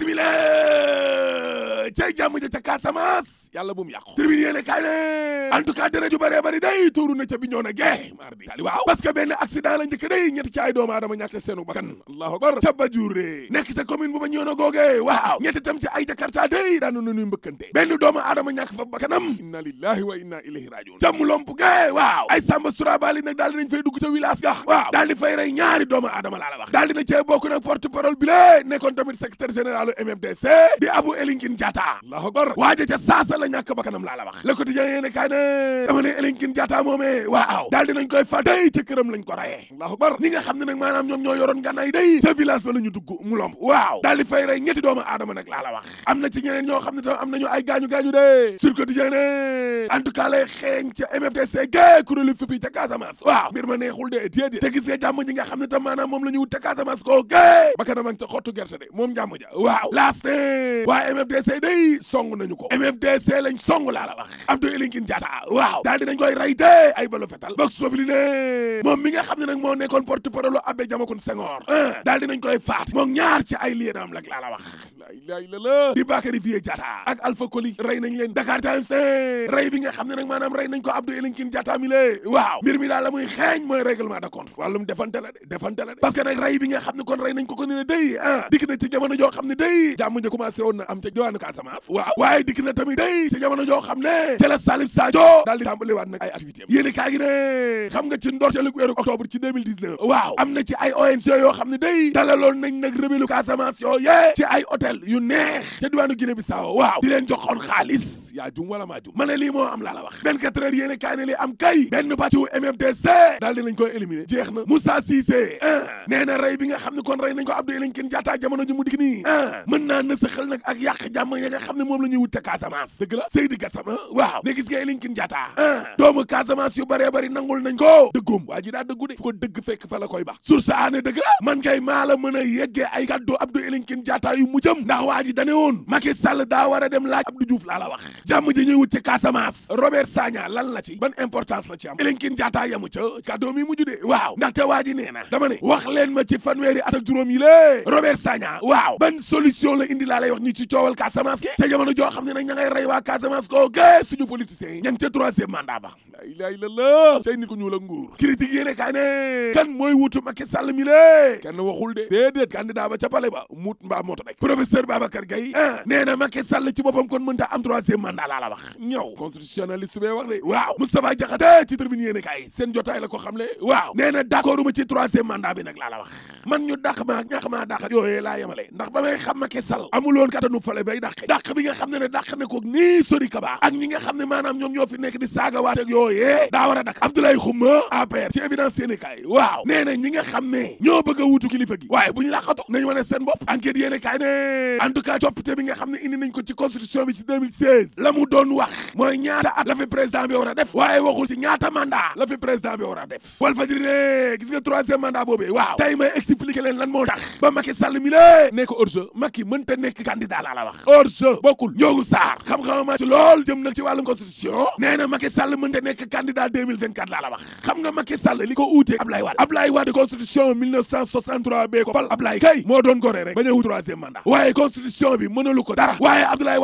bismillah cay jàmm ja ca Casamance yàlla bu mu yàqu tribune yéene kaay ne en tout cas dara ju bëree bëri day tuuru na ca bi ñoo na gee maar bi taali waaw parce la njëkk day ñetti ci ay doomu aadama ñàkk seenu bakkan allahu akbar ca Bajure nekk ca commune bu ba ñoo na googee waaw ñetti ay jakarta day daanu nañuy mbëkkante benn doomu aadama ñàkk fa bakkanam inna lillahi wa inna ilayhi rajiun jàmm lomp gee ay samba surabali nag daal di ca village ga waaw daal di fay rey ñaari doomu aadama la wax daal dina cee bokk nag porte parole bi lee nekkoon tamit secrétaire général MFDC di Abou Elinkine Diatta allahu la ñàkk bakkanam laa la wax le quotidien yéene kaay ne dama ne Elinkine Diatta moomee waaw daal dinañ koy fat day ci këram lañ ko rayee allahu akbar ñi nga xam ne nag maanaam ñoom ñoo yoroon ngànnaay day ca village ba la ñu dugg mu lomb waaw daal di fay rey ñetti doomu aadama nag laa la wax am na ci ñeneen ñoo xam ne tam am nañu ay gaañu-gaañu dee sur quotidien ne en tout cas lay xeeñ ca MFDC ga kuréelu fippi ca Casamance waaw mbir ma neexul de déedéet te gis nga jàmm ji nga xam ne tam maanaam moom la ñu wut ca Casamance koo ga bakkanam ak ca xottu gerte de moom jàmm ja waaw laas ne waa MFDC day song nañu ko MFDC see lañ song laa la wax Abdou Elinkine Diatta waaw daal dinañ koy rey ay balu fetal box sobli moom mi nga xam ne nag moo nekkoon porte parole Abbé Diamecoune Senghor un daal dinañ koy faat moom ñaar ci ay lienam lak laa la wax laay di Bakary Vieux Diatta ak Alpha Coly nañ leen Dakar Times rey bi nga xam ne nag maanaam rey nañ ko Abdou Elinkine Diatta mi le waaw mbir mi daal la muy xeeñ mooy règlement de compte wàllum defante la de defante la de parce que nag ko ko ni ne day ah dikk na ci jamono day ci jamono joo xam ne ci la Salif Sadio daal di tàmbaliwaat nag ay activité am yéeni ne xam nga ci ndorteelu weeru octobre ci 2019 waaw am na ci ay ONG yoo xam ne day dalaloon nañ nag rebelu Casamance yoo yee ci ay hôtel yu neex ca diwaanu Guinée Bissau waaw di leen joxoon xaalis yaa jum wala maa jum ma ne lii moo am laa la wax 24 heures yéen a kaay ne lii am kay benn bàccu MMDC daal dinañ koy éliminer jeex na Moussa Cissé a nee na rey nga xam ne kon rey nañ ko Abdou Elinkine Diatta jamono ji mu dikk nii mën naa na nag ak yàq jàmm ya nga xam ne moom la ñuy wut ca Casamance dëgg la Seydi ne gis nga Elinkine Diatta a doomu Casamance yu bëree bëri nangul nañ ko dëggoom waa ji daa dëggu de fu ko dëgg fekk fa la koy ba sur sa aane dëgg la man kay maa a yeggee ay kaddu Abdou Elinkine Diatta yu mu jëm ndax waa ji dane woon Macky Sall daa war a dem laaj Abdou Diouf laa la wax jàmm ji ñuy wut ci Casamance Robert Sagna lan la ci ban importance la ci am Elinkine Diatta yamu ca kàddoom yi mujj de waaw ndaxte waa ji nee na dama ne wax leen ma ci fanweeri at ak juróom yi Robert Sagna waaw ban solution la indi laa lay wax ni ci coowal Casamance ke ca jamono joo xam ne nag ña ngay rey waa Casamance koo gé suñu politiciens yi ña ngi ca troisième mandat ba laa ilaaha illallaah tey nit ku ñuul nguur critique yéene kaay kan mooy wutu Macky Sall mi lée kenn waxul de déedéet candidat ba ca pale ba ah, kon mënta am troisième mandat laa la wax ñëw constitutionnaliste bee wax de waaw Moustapha Diakhaté ci tribune yéene kaay seen la ko xam laa la wax man ñu dàq maa ñax maa dàq yooyee laa yemale ndax ba may xam Macky Sall amuloon kattanu fale bay dàqe dàq bi nga xam ne ne dàq ne ko nii sori kabaa ak ñi nga xam ne maanaam ñoom ñoo fi nekk di saaga waat ak daa war a dakk Abdoulaye Khouma APR ci évidence yéene kaay waaw nee na ñi nga xam ne ñoo bëgg a wuutu kilifa gi waaye bu ñu làqatu la mu doon wax mooy ñaata at la président bi war a def waaye waxul ci ñaata mandat la fi président bi war a def wal fajri ne gis nga troisième mandat waaw tey may lan moo tax ba Macky Sall mi lée nekk hors jeu mënta nekk candidat la wax hors jeu bokkul saar xam-xama ma ci lool jëm nag ci wàllum constitution nee na Macky Sall mënta nekk candidat 2024 laa la wax xam nga Macky Sall li ko uutee Ablaye Wade Ablaye Wade constitution 1963 bi mënalu ko dara waaye Abdoulaye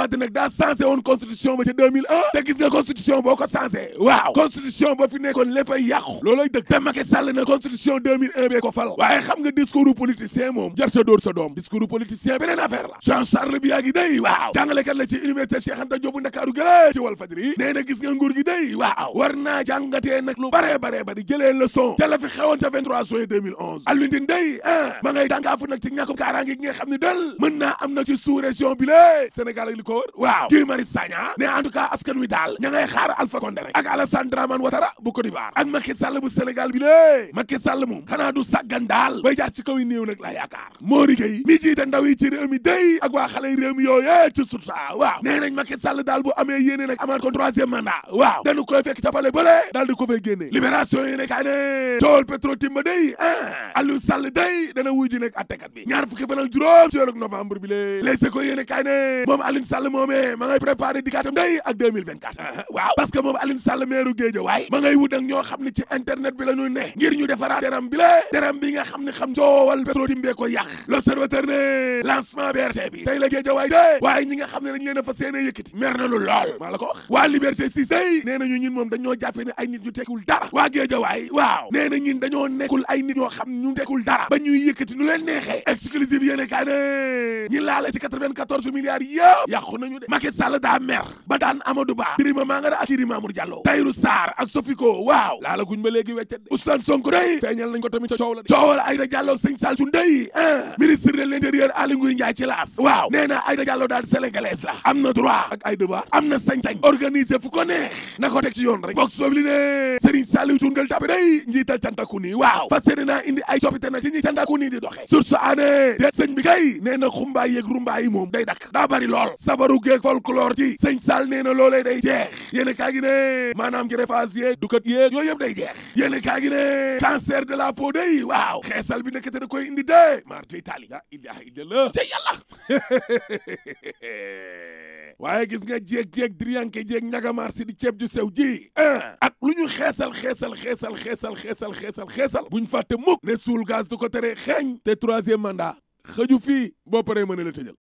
constitution ba ca 2001 gis nga constitution boo ko changé waaw constitution ba fi nekkoon léppay yàqu loolay dëgg te Macky Sall na constitution 2001 bee ko fal waaye xam nga discours politicien moom jar ca dóor sa doom discours politicien beneen affaire la Jean Charles Biagui day waaw jàngalekat la ci université Cheikh Anta Diop bu Ndakaaru gëlee ci Walfadjri nee na gis nga nguur gi day waaw war naa jàngatee nag lu nag ci ñàkkum kaaraange gi nga xam ne dal mën ñaa ne en tout cas askan wi daal ña ngay xaar Alpha Condé ak Alassane Dramane Ouattara bu Côte d'Ivoire ak Macky bu Sénégal bi lée Macky Sall du sàggan daal bay jaar ci kaw yi néew nag laa yaakaar mi jiite ndaw yi ci ak waa xale yi réew ci sut sa waaw nee daal bu amee yéene nag amaat ko troisième mandat waaw dañu koy fekk ca pale daal di ko fay génne libération yi ne kaay ne Petro Timba day ah Aliou Sall day dana wuy ji nag attekat diggaatam day ak 2024 waaw parce moom Alioune Sall meeru Guédiawaye ma ngay wut ak ñoo xam ne ci internet bi la ñuy ngir ñu defaraat deram bi deram bi nga xam ne xam coowal pétrole timbee ko yàq l'observateur ne lancement BRT bi tey la Guédiawaye de waaye ñi nga xam ne dañ leen a fas yéene lool maa la waa Liberté 6 day nee nañu ñun moom dañoo jàppee ne ay nit ñu tekkul dara waa Guédiawaye waaw nee na ñun dañoo nekkul ay nit ñoo mer ba daan Amadou Ba Birima Mangara ak Thierry Mamour Diallo Tahirou Sarr ak Sofiko waaw laa la guñ ba léegi weccet de Ousmane Sonko day feeñal nañ ko tamit ca coow la de coowal Aïda Diallo ak Sëñ Saliou Ndeye ah ministre de l'intérieur Aly Ngouille Ndiaye ci laas waaw nee na Aïda Diallo daal sénégalaise la am na droit ak ay devoir am na sañ-sañ organiser fu ko neex na ko rek box boobu li ne Serigne Saliou Thioune day njiital cantaku nii waaw di doxee source aané sëñ Sall nee na loolee day jeex yéen a kaa gi ne maanaam greffage yeeg dukat yeeg yooyu yëpp day jeex yéen a kaa gi ne cancer de la peau day waaw xeesal bi nekkate da koy indi dee mar day taali la ilaha illallah te yàlla waaye gis nga jéeg-jéeg diriyanke jéeg ñagamaar si di ceeb ju sew ji ah, ak lu ñu xeesal xeesal xeesal xeesal xeesal xeesal xeesal buñ fàtte mukk ne suul gaz du ko tere xeeñ te troisième mandat xëju fii boo paree mën a la tëjal